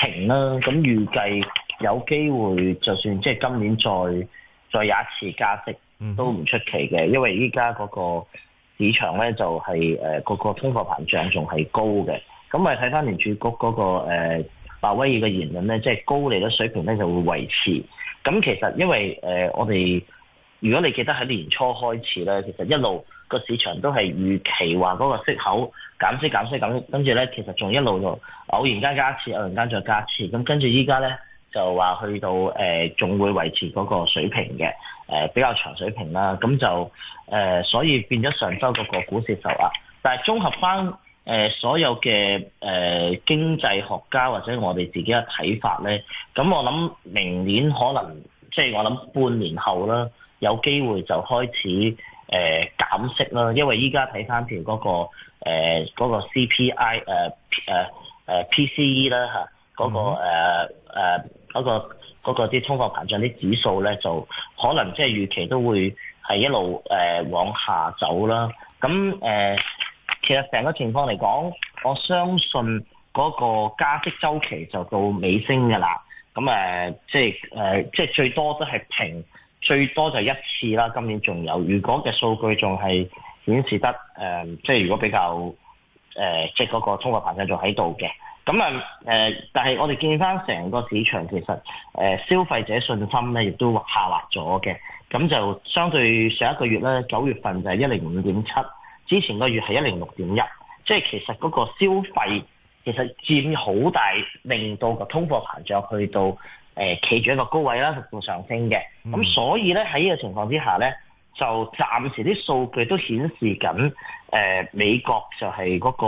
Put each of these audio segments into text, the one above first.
停啦！咁預計有機會，就算即係今年再再有一次加息，都唔出奇嘅，因為依家嗰個市場咧就係誒嗰個通貨膨脹仲係高嘅。咁咪睇翻聯儲局嗰個誒鮑威爾嘅言論咧，即係高利率水平咧就會維持。咁其實因為誒我哋，如果你記得喺年初開始咧，其實一路。個市場都係預期話嗰個息口減息減息減息，跟住咧其實仲一路就偶然間加一次，偶然間再加一次，咁跟住依家咧就話去到誒，仲、呃、會維持嗰個水平嘅誒、呃、比較長水平啦。咁就誒、呃，所以變咗上週嗰個股市就話，但係綜合翻誒、呃、所有嘅誒、呃、經濟學家或者我哋自己嘅睇法咧，咁我諗明年可能即係、就是、我諗半年後啦，有機會就開始。誒、呃、減息啦，因為依家睇翻條嗰個誒嗰、呃那個 CPI 誒誒誒 PCE 啦嚇，嗰、那個誒誒嗰個嗰、那個啲、那個、通貨膨脹啲指數咧，就可能即係預期都會係一路誒、呃、往下走啦。咁誒、呃，其實成個情況嚟講，我相信嗰個加息周期就到尾聲嘅啦。咁誒、呃，即係誒、呃，即係最多都係平。最多就一次啦，今年仲有。如果嘅數據仲係顯示得誒、呃，即係如果比較，誒、呃，即係嗰個通貨膨脹仲喺度嘅，咁啊、呃、但係我哋見翻成個市場其實誒、呃、消費者信心咧，亦都下滑咗嘅，咁就相對上一個月咧，九月份就係一零五點七，之前個月係一零六點一，即係其實嗰個消費其實佔好大，令到個通貨膨脹去到。企、呃、住一個高位啦，逐步上升嘅。咁所以呢，喺呢個情況之下呢，就暫時啲數據都顯示緊、呃、美國就係 𠮶、那個、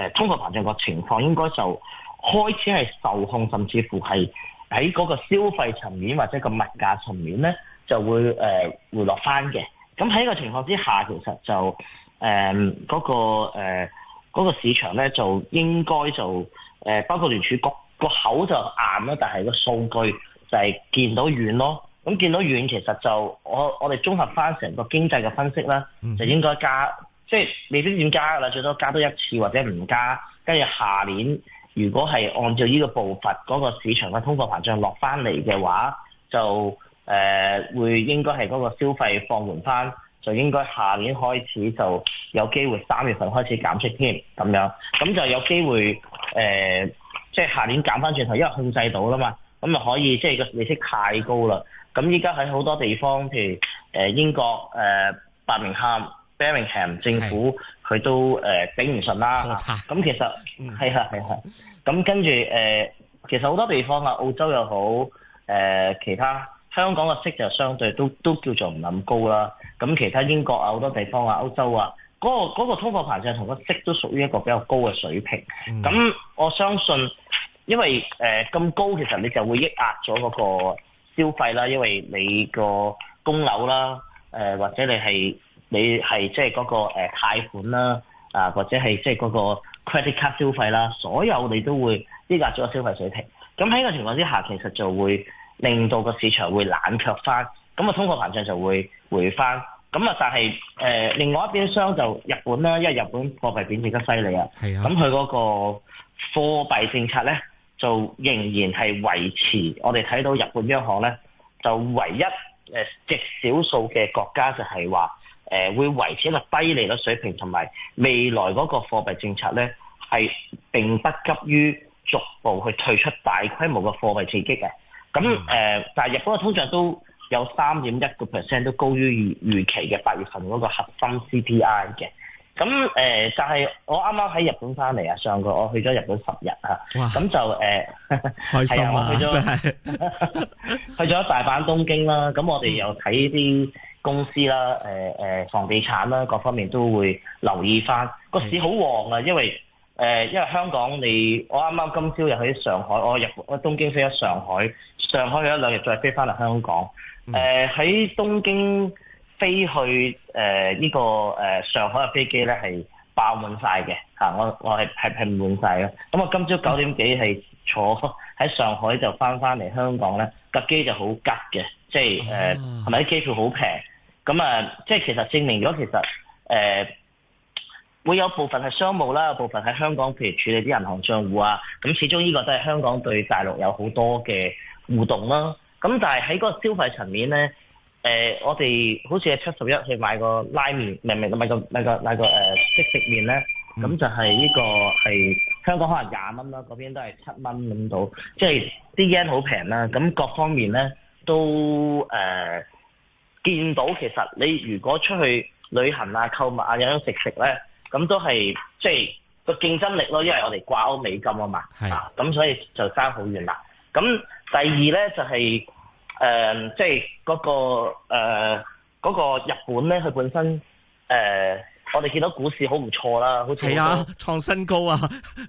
呃、通貨膨脹個情況應該就開始係受控，甚至乎係喺 𠮶 個消費層面或者個物價層面呢就會誒、呃、回落翻嘅。咁喺呢個情況之下，其實就誒 𠮶、呃那個誒 𠮶、呃那個市場呢，就應該就誒、呃、包括聯儲局。個口就硬啦，但係個數據就係見到軟咯。咁見到軟其實就我我哋綜合翻成個經濟嘅分析啦，就應該加，嗯、即係未必點加噶啦，最多加多一次或者唔加。跟住下年，如果係按照呢個步伐，嗰、那個市場嘅通貨膨脹落翻嚟嘅話，就誒、呃、會應該係嗰個消費放緩翻，就應該下年開始就有機會三月份開始減息添，咁樣咁就有機會誒。呃即係下年減翻轉頭，因為控制到啦嘛，咁啊可以即係個利息太高啦。咁依家喺好多地方，譬如誒英國誒白、呃、明喊 b i 咸、Birmingham，政府佢都誒、呃、頂唔順啦。咁其實係係係係。咁跟住誒，其實好多地方啊，澳洲又好，誒、呃、其他香港嘅息就相對都都叫做唔咁高啦。咁其他英國啊，好多地方啊，歐洲啊，嗰、嗰個嗰個通貨膨脹同個息都屬於一個比較高嘅水平。咁、嗯、我相信。因為誒咁、呃、高，其實你就會抑壓咗嗰個消費啦，因為你個供樓啦，誒、呃、或者你係你係即係嗰個誒、呃、貸款啦，啊或者係即係嗰個 credit card 消費啦，所有你都會抑壓咗個消費水平。咁喺個情況之下，其實就會令到個市場會冷卻翻，咁啊通貨膨脹就會回翻。咁啊但係誒、呃、另外一邊廂，就日本啦，因為日本貨幣貶值得犀利啊，係啊，咁佢嗰個貨幣政策咧。就仍然係維持，我哋睇到日本央行咧，就唯一誒極少數嘅國家就係話誒會維持一個低利率水平，同埋未來嗰個貨幣政策咧係並不急於逐步去退出大規模嘅貨幣刺激嘅。咁誒、呃，但日本嘅通脹都有三點一個 percent 都高於預預期嘅八月份嗰個核心 CPI 嘅。咁誒、呃，就係、是、我啱啱喺日本翻嚟啊！上個我去咗日本十日啊，咁就誒、呃，開心啊， 我去咗 去咗大阪、東京啦。咁我哋又睇啲公司啦、呃，房地產啦，各方面都會留意翻。個、嗯、市好旺啊，因為誒、呃，因為香港你我啱啱今朝又喺上海，我日本我東京飛咗上海，上海去一兩日再飛翻嚟香港。誒、嗯、喺、呃、東京。飛去誒呢、呃這個誒、呃、上海嘅飛機咧係爆滿晒嘅嚇，我我係係係滿晒。嘅。咁我、嗯、今朝九點幾係坐喺上海就翻翻嚟香港咧，架機就好吉嘅，即係誒係咪啲機票好平？咁、呃、啊，嗯、即係其實證明咗其實誒、呃、會有部分係商務啦，有部分喺香港譬如處理啲銀行帳戶啊，咁、嗯、始終呢個都係香港對大陸有好多嘅互動啦。咁、嗯、但係喺嗰個消費層面咧。誒，我哋好似係七十一去買個拉麵，明明買個買個買個誒即食麵咧，咁就係呢個係香港可能廿蚊啦，嗰邊都係七蚊咁到，即係啲 yen 好平啦，咁各方面咧都誒見到其實你如果出去旅行啊、購物啊、飲飲食食咧，咁都係即係個競爭力咯，因為我哋掛歐美金啊嘛，係，咁所以就爭好遠啦。咁第二咧就係。誒、嗯，即係嗰、那個誒，呃，那個日本咧，佢本身誒、呃，我哋見到股市好唔錯啦，好似係啊，創新高啊，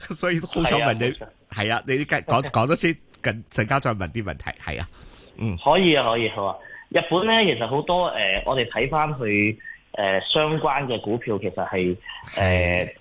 所以都好想問你，係啊，啊，啊，你介講講咗先，近陣間再問啲問題，係啊，嗯，可以啊，可以啊，好啊。日本咧，其實好多誒、呃，我哋睇翻佢誒相關嘅股票，其實係誒、呃，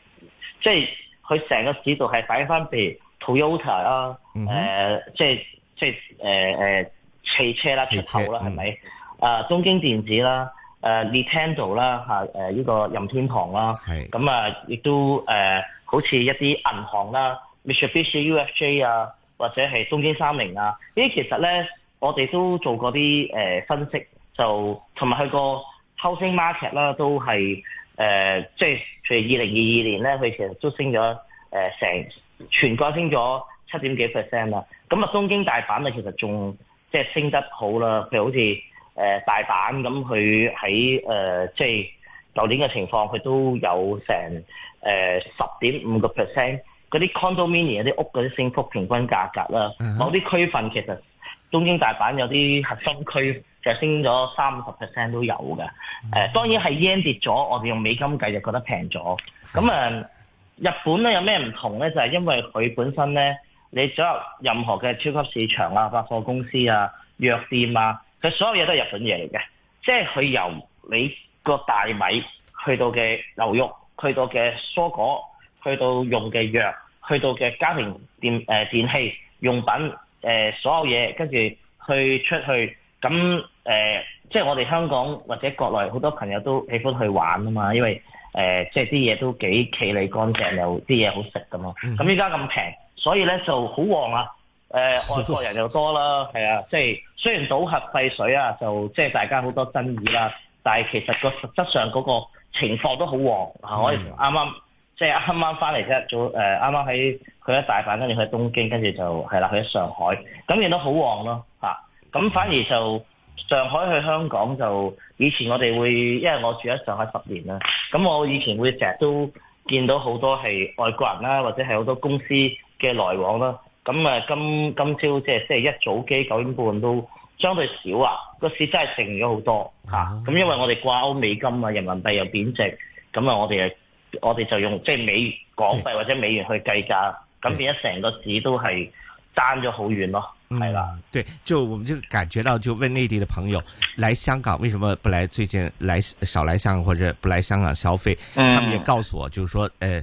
即係佢成個市道係擺翻譬如 Toyota 啊、嗯，誒、呃，即係即係誒誒。呃呃汽車啦、出口啦，係咪、嗯？啊，東京電子啦，誒、呃、Nintendo 啦，嚇、啊、呢個任天堂啦，咁啊，亦都誒、呃、好似一啲銀行啦，Mitsubishi UFJ 啊，或者係東京三菱啊，呢啲其實咧，我哋都做過啲誒、呃、分析，就同埋佢個 housing market 啦，都係誒，即係除二零二二年咧，佢其實都升咗誒成全國升咗七點幾 percent 啦。咁啊，東京大阪啊，其實仲～即係升得好啦，譬如好似誒大阪咁，佢喺誒即係舊年嘅情況，佢都有成誒十點五個 percent。嗰、呃、啲 condominium 嗰啲屋嗰啲升幅，平均價格啦，mm -hmm. 某啲區份其實東京大阪有啲核心區就升咗三十 percent 都有嘅。誒、呃、當然係 yen 跌咗，我哋用美金計就覺得平咗。咁、mm、啊 -hmm.，日、呃、本咧有咩唔同咧？就係、是、因為佢本身咧。你所有任何嘅超級市場啊、百貨公司啊、藥店啊，佢所有嘢都係日本嘢嚟嘅，即係佢由你個大米去到嘅牛肉，去到嘅蔬果，去到用嘅藥，去到嘅家庭電誒、呃、電器用品、呃、所有嘢，跟住去出去咁誒、呃，即係我哋香港或者國內好多朋友都喜歡去玩啊嘛，因為誒、呃、即係啲嘢都幾企理乾淨，又啲嘢好食㗎嘛，咁依家咁平。所以咧就好旺啊！誒、呃，外 國人又多啦，係啊，即係雖然倒核廢水啊，就即係大家好多爭議啦，但係其實個實質上嗰個情況都好旺、嗯、啊！我啱啱即係啱啱翻嚟啫，早誒啱啱喺佢喺大阪，跟住去東京，跟住就係啦、啊，去咗上海，咁亦都好旺咯嚇！咁、啊、反而就上海去香港就以前我哋會，因為我住喺上海十年啦，咁我以前會成日都見到好多係外國人啦，或者係好多公司。嘅來往啦，咁誒今今朝即係即係一早機九點半都相對少啊，個市真係靜咗好多吓。咁、嗯、因為我哋掛歐美金啊，人民幣又貶值，咁啊我哋我哋就用即係美港幣或者美元去計價，咁變咗成個市都係爭咗好遠咯，係啦、嗯。對，就我們就感覺到就問內地嘅朋友，來香港為什麼不來？最近來少來香港，或者不來香港消費、嗯，他們也告訴我，就是說、呃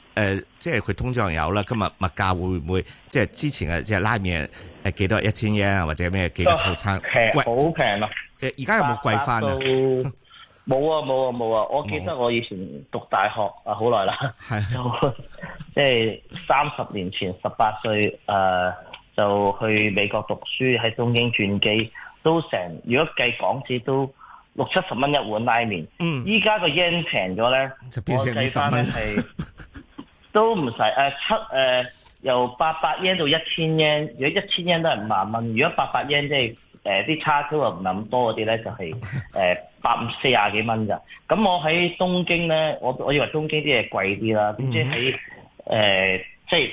誒、呃，即係佢通脹有啦，今日物價會唔會即係之前嘅即係拉麵誒，幾多一千 yen 或者咩幾多套餐？平好平啊！而家有冇貴翻啊？冇啊冇啊冇啊！我記得我以前讀大學啊，好耐啦，係 即係三十年前十八歲誒，就去美國讀書喺東京轉機，都成如果計港紙都六七十蚊一碗拉麵。嗯，依家個 yen 平咗咧，我計翻咧係。 都唔使誒七誒、呃、由八百英到一千英，如果一千英都係五萬蚊，如果八百英即係誒啲差高又唔係咁多嗰啲咧，就係百八四廿幾蚊㗎。咁我喺東京咧，我我以為東京啲嘢貴啲啦，即係喺誒即係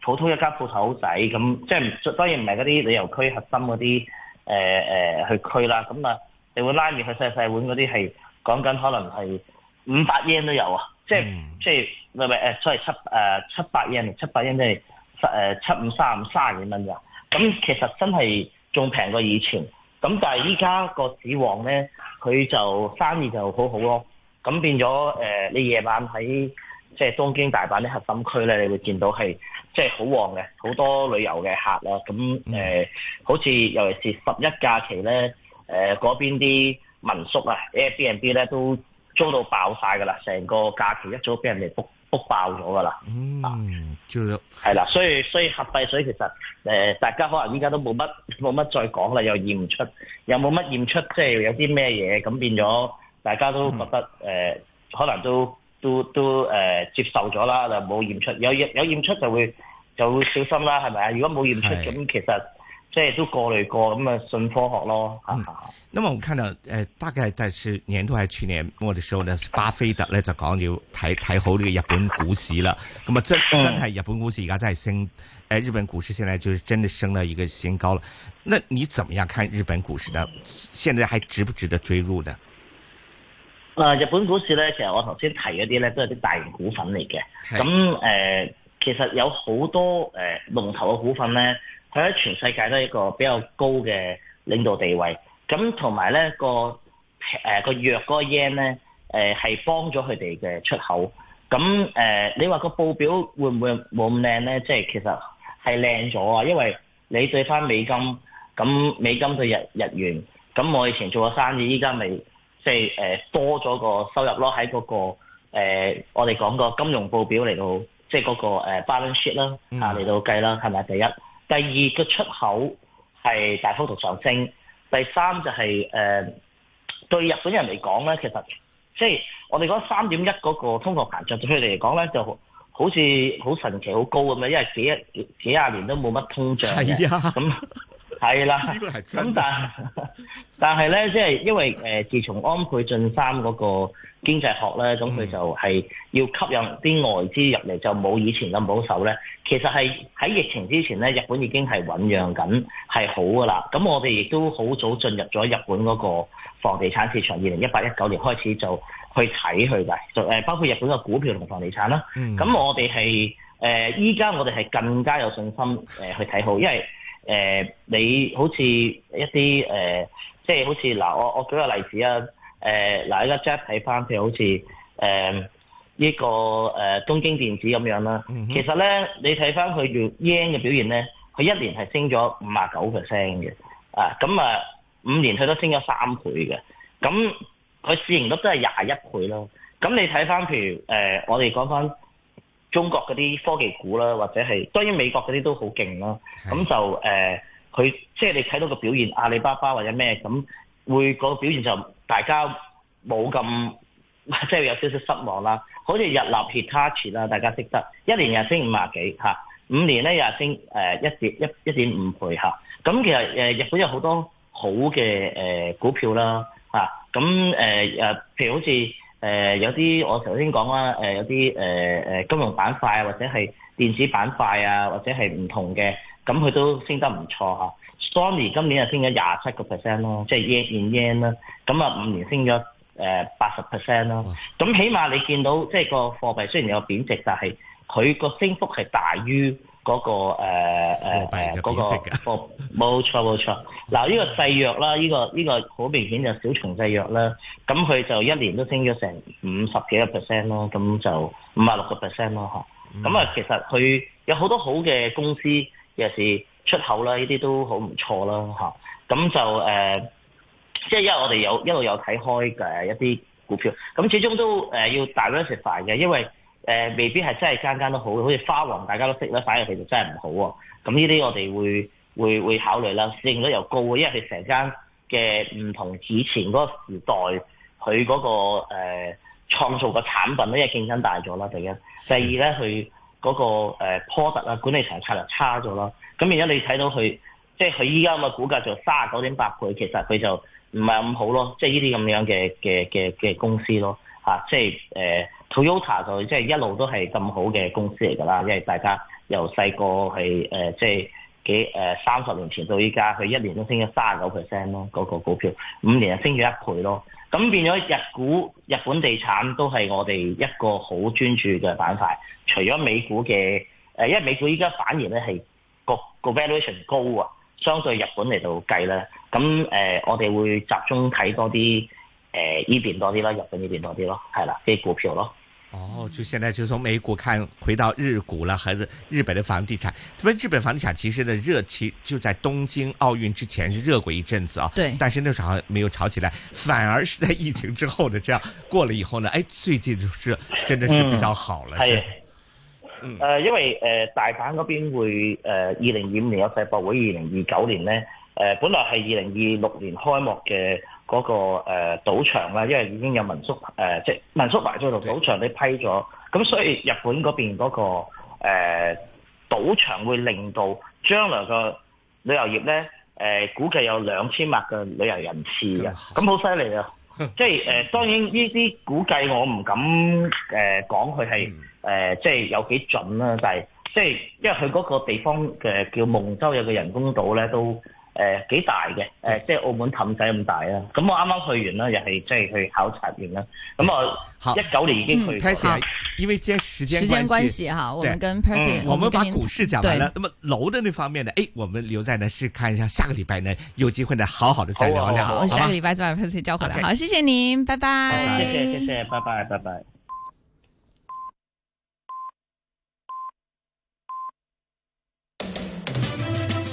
普通一家鋪頭仔咁，即係當然唔係嗰啲旅遊區核心嗰啲誒去區啦。咁啊，你會拉住去細細碗嗰啲係講緊可能係五百英都有啊， 即即係。唔係誒，即、呃、係七誒七百円，七百円即係誒七五三五卅幾蚊咋？咁其實真係仲平過以前。咁但係依家個市旺咧，佢就生意就好好、啊、咯。咁變咗誒、呃，你夜晚喺即係東京大阪啲核心區咧，你會見到係即係好旺嘅，好多旅遊嘅客啦。咁誒，好、呃、似、嗯、尤、尤其是十一假期咧，誒、呃、嗰邊啲民宿啊，Airbnb 咧都租到爆晒㗎啦，成個假期一早俾人哋 book。都爆爆咗㗎啦，啊，係啦，所以所以合閉，所以其實誒、呃，大家可能依家都冇乜冇乜再講啦，又驗唔出，又冇乜驗出，即係有啲咩嘢，咁變咗大家都覺得誒、嗯呃，可能都都都誒、呃、接受咗啦，就冇驗出，有有驗出就會就會小心啦，係咪啊？如果冇驗出，咁其實。即係都過嚟過咁啊，信科學咯。咁、嗯、我看到誒、呃、大概係第年度係去年末嘅時候呢，巴菲特咧就講要睇睇好呢個日本股市啦。咁啊，真真係日本股市而家真係升誒、嗯哎、日本股市，現在就真的升了一個新高啦。那你怎麼樣看日本股市呢、嗯？現在還值不值得追入呢？誒、呃，日本股市咧，其實我頭先提嗰啲咧，都係啲大型股份嚟嘅。咁誒、呃，其實有好多誒龍、呃、頭嘅股份咧。佢喺全世界都係一個比較高嘅領導地位，咁同埋咧個誒、呃那個弱嗰個 yen 咧，誒、呃、係幫咗佢哋嘅出口。咁誒、呃、你話個報表會唔會冇咁靚咧？即、就、係、是、其實係靚咗啊，因為你對翻美，美金，咁美金對日日元，咁我以前做過生意，依家咪即係誒多咗個收入咯。喺嗰、那個、呃、我哋講個金融報表嚟到，即係嗰個 balance sheet 啦嚇嚟到計啦，係咪第一？第二個出口係大幅度上升，第三就係、是、誒、呃、對日本人嚟講咧，其實即係、就是、我哋講三點一嗰個通貨膨脹對佢哋嚟講咧，就好似好神奇、好高咁樣，因為幾一廿年都冇乜通脹嘅，咁係、啊、 啦。咁、這個、但是 但係咧，即係因為誒、呃，自從安倍晉三嗰、那個。經濟學咧，咁佢就係要吸引啲外資入嚟、嗯，就冇以前咁保守咧。其實係喺疫情之前咧，日本已經係醞釀緊，係好噶啦。咁我哋亦都好早進入咗日本嗰個房地產市場，二零一八一九年開始就去睇佢㗎，誒包括日本嘅股票同房地產啦。咁、嗯、我哋係誒依家我哋係更加有信心、呃、去睇好，因為誒、呃、你好似一啲誒、呃，即係好似嗱、呃，我我舉個例子啊。誒、呃、嗱，依家 just 睇翻，譬如好似誒呢個誒、呃、東京電子咁樣啦。Mm -hmm. 其實咧，你睇翻佢 y e n 嘅表現咧，佢一年係升咗五啊九 percent 嘅。啊，咁啊五年佢都升咗三倍嘅。咁佢市盈率都係廿一倍囉。咁你睇翻譬如誒、呃，我哋講翻中國嗰啲科技股啦，或者係當然美國嗰啲都好勁啦。咁就誒佢、呃、即係你睇到個表現，阿里巴巴或者咩咁會、嗰個表現就。大家冇咁即係有少少、就是、失望啦，好似日立 Hitachi 啦，大家識得一年又升五啊幾嚇，五年咧又升誒一點一一點五倍嚇，咁其實誒日本有好多好嘅股票啦嚇，咁誒誒譬如好似有啲我頭先講啦，有啲、呃、金融板塊啊，或者係電子板塊啊，或者係唔同嘅，咁佢都升得唔錯嚇 Sony 今年升了27%，就升咗廿七個 percent 咯，即係 yen in yen 啦。咁啊五年升咗誒八十 percent 咯。咁起碼你見到即係個貨幣雖然有貶值，但係佢個升幅係大於嗰、那個誒誒誒嗰個貨冇錯冇錯。嗱、呃、呢、那個製約製藥啦，呢 個呢、這個好、這個、明顯就是小重製藥啦。咁佢就一年都升咗成五十幾個 percent 咯。咁就五啊六個 percent 咯嚇。咁啊、嗯、其實佢有好多好嘅公司尤其是。出口啦，呢啲都好唔錯啦，咁、啊、就誒、呃，即係因為我哋有一路有睇開誒一啲股票，咁始終都誒、呃、要大量食飯嘅，因為誒、呃、未必係真係間間都好，好似花王大家都識啦，反而其實真係唔好喎、啊。咁呢啲我哋會會會考慮啦，市盈率又高，因為佢成間嘅唔同以前嗰個時代，佢嗰、那個誒、呃、創造個產品咧，因為競爭大咗啦，第一，第二咧佢嗰個 product 啊，管理層策略差咗啦。咁，而家你睇到佢，即係佢依家咁嘅股價就三十九點八倍，其實佢就唔係咁好咯。即係呢啲咁樣嘅嘅嘅嘅公司咯，吓、啊，即係誒 Toyota 就即、是、係、呃、一路都係咁好嘅公司嚟㗎啦，因為大家由細個係誒即係幾誒三十年前到依家，佢一年都升咗三十九 percent 咯，嗰、那個、股票五年就升咗一倍咯。咁變咗日股、日本地產都係我哋一個好專注嘅板塊。除咗美股嘅，誒、呃、因為美股依家反而咧係。個個 valuation 高啊，相對日本嚟到計咧，咁誒、呃，我哋會集中睇多啲誒呢邊多啲啦，日本呢邊多啲咯，係啦即係、就是、股票咯。哦，就現在就從美股看回到日股啦，還是日本的房地產？因為日本房地產其實的熱期就在東京奧運之前是熱過一陣子啊，對，但是那時候好像沒有炒起來，反而是在疫情之後的這樣過了以後呢，誒、哎、最近就是真的是比較好了。嗯是是。誒、嗯呃，因為誒、呃、大阪嗰邊會二零二五年有世博會，二零二九年咧誒、呃，本來係二零二六年開幕嘅嗰、那個誒、呃、賭場啦，因為已經有民宿誒、呃，即係民宿牌照度，賭場都批咗，咁、嗯、所以日本嗰邊嗰、那個誒、呃、賭場會令到將來個旅遊業咧誒、呃，估計有兩千萬嘅旅遊人次啊，咁好犀利啊！ 即係誒、呃，當然呢啲估計我唔敢誒講佢係。呃誒、呃，即係有幾準啦、啊，但係即係因為佢嗰個地方嘅叫夢洲有個人工島咧，都誒幾、呃、大嘅，誒即係澳門氹仔咁大啦、啊。咁我啱啱去完啦、啊，又係即係去考察完啦、啊。咁、嗯、我一九年已經去過了、嗯了。因為即係時間時間關係我們跟 Persey 我們把股市講完啦。咁、嗯、那麼樓的那方面呢？誒，我們留在呢，是看一下下個禮拜呢，有機會呢，好好的再聊。好，我下個禮拜再把 Persey 交回來。Okay. 好，謝謝您，拜拜。哦、謝謝謝謝拜拜，拜拜。